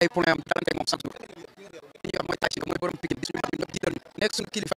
ay poulain am dalante moom chaque jour li ñuy wax mooy tàcc nga mooy borom Pikine gis nga ñoom jiital nekk suñu kilifa.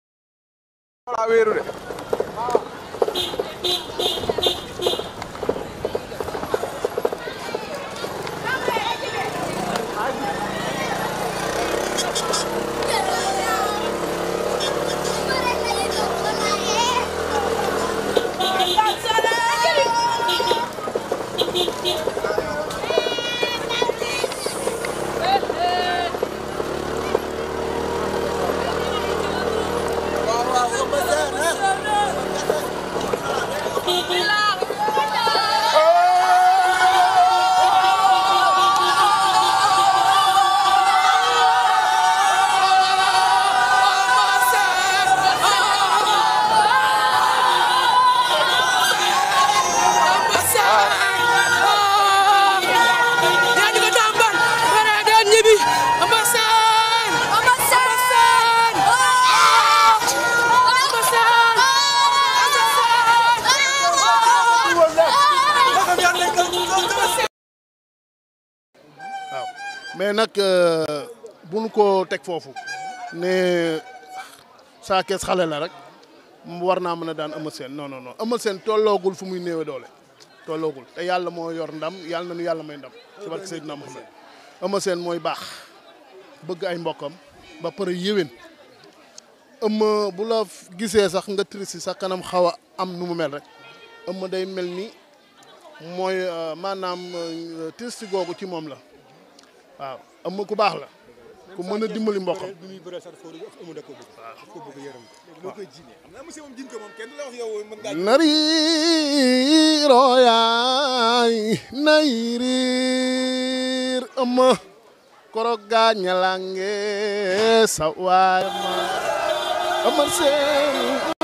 mais nag euh, bu nu ko teg foofu ne Sa Thiès xale la rek war naa mën a daan Eumeu Sène non non non Eumeu tolloogul fu muy néewe doole tolloogul te yàlla moo yor ndam yàlla na yàlla may ndam ci barke Seydina Muhammad Eumeu Sène mooy baax bëgg ay mbokkam ba pare yéwén Eumeu bu la gisee sax nga trisi sax kanam xaw a am nu mu mel rek Eumeu day mel nii mooy euh, maanaam euh, triste googu ci moom la waaw am ku baax la. ku mën a dimbali mboqam. nari royaay nayriir ama koroga ñalange sawaay ama seen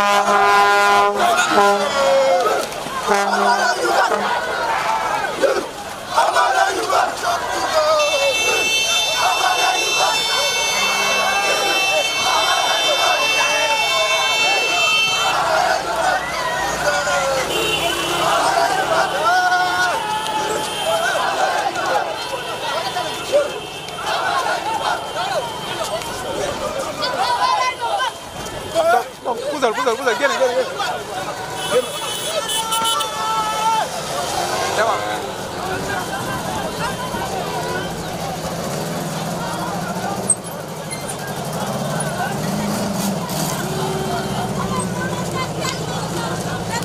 Thank you. push her, push her, push her. Get it, get it, get it. Get it. Come on.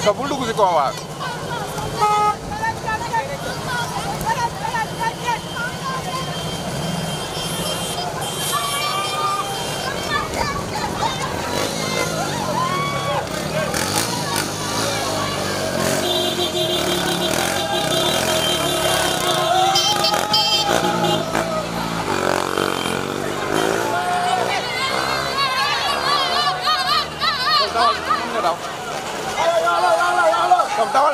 자, 물 넣고 있을 거야.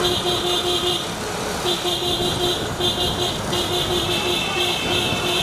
Thank you.